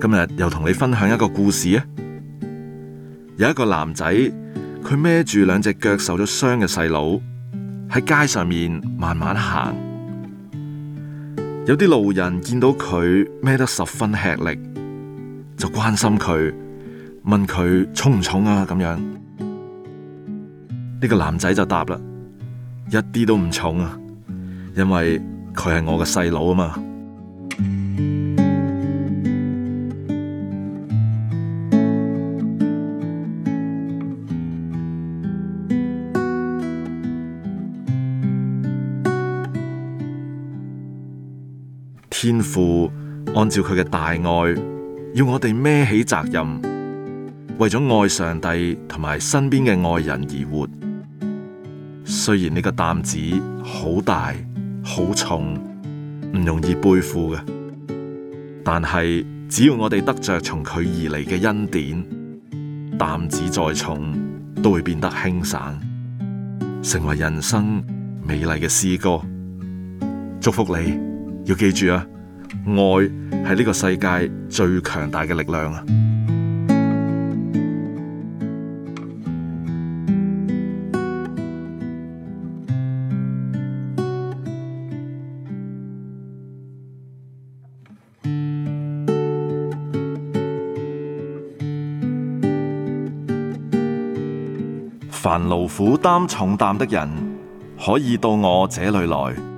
今日又同你分享一個故事啊！有一個男仔，佢孭住兩隻腳受咗傷嘅細佬喺街上面慢慢行。有啲路人見到佢孭得十分吃力，就關心佢，問佢重唔重啊？咁樣，呢個男仔就答啦：一啲都唔重啊，因為佢係我嘅細佬啊嘛。天父按照佢嘅大愛，要我哋孭起責任，為咗愛上帝同埋身邊嘅愛人而活。雖然呢個擔子好大好重，唔容易背負嘅，但係只要我哋得着從佢而嚟嘅恩典，擔子再重都會變得輕省，成為人生美麗嘅詩歌。祝福你。要記住啊！愛係呢個世界最強大嘅力量啊！凡勞苦擔重擔的人，可以到我這裏來。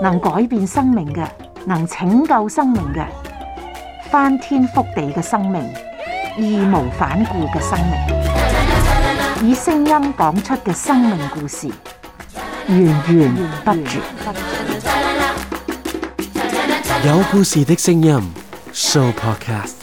能改變生命嘅，能拯救生命嘅，翻天覆地嘅生命，義無反顧嘅生命，以聲音講出嘅生命故事，源源不絕。有故事的聲音 Show Podcast。